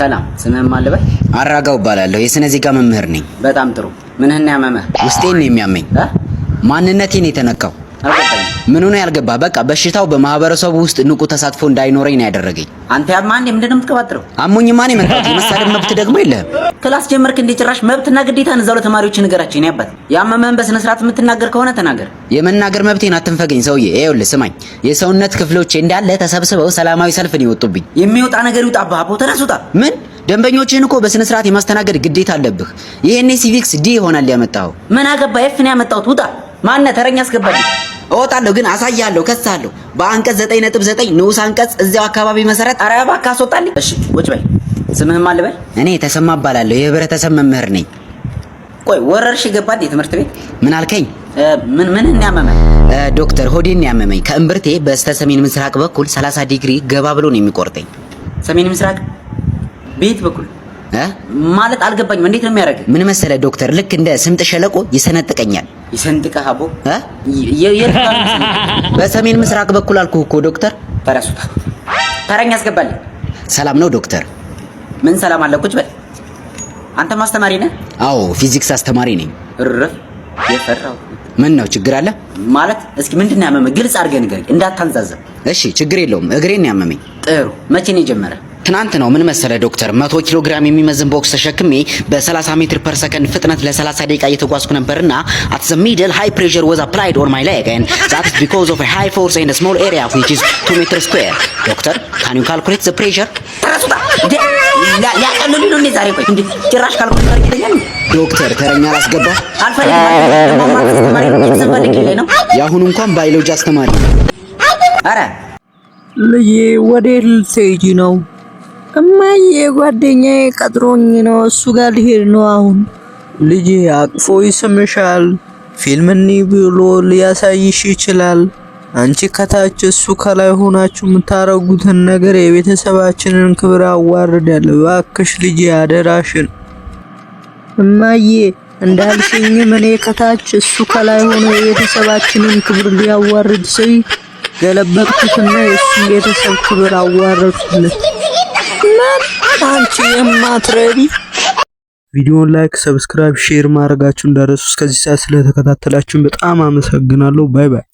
ሰላም፣ ስምህን ማን ልበል? አራጋው እባላለሁ። የስነ ዜጋ መምህር ነኝ። በጣም ጥሩ። ምንህን ያመመህ? ውስጤን ነው የሚያመኝ። ማንነቴን የተነካው ምን ሆነ ያልገባ በቃ በሽታው በማህበረሰቡ ውስጥ ንቁ ተሳትፎ እንዳይኖረኝ ነው ያደረገኝ። አንተ ያማን ምንድነው የምትቀባጥረው? አሞኝ ማን የመጣሁት የመሳደብ መብት ደግሞ የለህም። ክላስ ጀመርክ እንደ ጭራሽ መብትና ግዴታ እዛው ለተማሪዎች ንገራቸው። እኔ አባት ያመመህን በስነ ስርዓት የምትናገር ከሆነ ተናገር። የመናገር መብቴን አትንፈገኝ ሰውዬ። ይኸውልህ ስማኝ፣ የሰውነት ክፍሎች እንዳለ ተሰብስበው ሰላማዊ ሰልፍን ይወጡብኝ። የሚወጣ ነገር ይውጣ። አባቦ ተነሱጣ ምን ደንበኞችህን እኮ በስነ ስርዓት የማስተናገድ ግዴታ አለብህ። ይሄኔ ሲቪክስ ዲ ይሆናል ያመጣው። ምን አገባ? ኤፍ ነው ያመጣሁት። ውጣ። ማነህ ተረኛ አስገባልኝ እወጣለሁ ግን አሳያለሁ፣ ከሳለሁ በአንቀጽ 9.9 ንዑስ አንቀጽ እዚያው አካባቢ መሰረት። ኧረ እባክህ አስወጣልኝ። እሺ ቁጭ በል። ስምህም አለ በል። እኔ ተሰማ እባላለሁ የህብረተሰብ መምህር ነኝ። ቆይ ወረርሽ ይገባል ትምህርት ቤት ምን አልከኝ? ምን ምን ያመመኝ? ዶክተር ሆዴን ያመመኝ ከእምብርቴ በስተ ሰሜን ምስራቅ በኩል 30 ዲግሪ ገባ ብሎ ነው የሚቆርጠኝ። ሰሜን ምስራቅ ቤት በኩል ማለት አልገባኝም። እንዴት ነው የሚያደርግ? ምን መሰለ ዶክተር፣ ልክ እንደ ስምጥ ሸለቆ ይሰነጥቀኛል የሰንጥቀ ሀቦ በሰሜን ምስራቅ በኩል አልኩህ እኮ ዶክተር። ፈረሱ ፈረኝ ያስገባልኝ። ሰላም ነው ዶክተር? ምን ሰላም አለ? ቁጭ በል። አንተ ማስተማሪ ነህ? አዎ ፊዚክስ አስተማሪ ነኝ። እርፍ የፈራው ምን ነው ችግር አለ ማለት? እስኪ ምንድን ነው ያመመህ? ግልጽ አድርገህ ንገረኝ እንዳታንዛዘብ። እሺ ችግር የለውም እግሬን ያመመኝ። ጥሩ መቼ ነው የጀመረ? ትናንት ነው ምን መሰለ ዶክተር፣ መቶ ኪሎ ግራም የሚመዝን ቦክስ ተሸክሜ በ30 ሜትር ፐር ሰከንድ ፍጥነት ለ30 ደቂቃ እየተጓዝኩ ነበርና አት ዘ ሚድል ሃይ ፕሬሸር ወዝ አፕላይድ ኦን ማይ ሌግ ኤንድ ዛት ኢዝ ቢኮዝ ኦፍ ሃይ ፎርስ ኤንድ ስሞል ኤሪያ ዊች ኢዝ 2 ሜትር ስኩዌር። ዶክተር ካን ዩ ካልኩሌት ዘ ፕሬሸር? ዶክተር ተረኛ ላስገባ የአሁኑ እንኳን ባዮሎጂ አስተማሪ። አረ ልዬ ወዴት ልትሄጂ ነው? እማዬ ጓደኛዬ ቀጥሮኝ ነው፣ እሱ ጋር ልሄድ ነው። አሁን ልጅ አቅፎ ይስምሻል፣ ፊልምን ብሎ ሊያሳይሽ ይችላል። አንቺ ከታች እሱ ከላይ ሆናችሁ የምታረጉትን ነገር የቤተሰባችንን ክብር አዋርዳል። እባክሽ ልጅ አደራሽን። እማዬ እንዳልሽኝም እኔ ከታች እሱ ከላይ ሆኖ የቤተሰባችንን ክብር ሊያዋርድ ስል ገለበጥኩትና የእሱን ቤተሰብ ክብር አዋረድኩለት። ምን አንቺ የማትረቢ ቪዲዮን ላይክ፣ ሰብስክራይብ፣ ሼር ማድረጋችሁ እንዳረሱ። እስከዚህ ሰዓት ስለተከታተላችሁን በጣም አመሰግናለሁ። ባይ ባይ።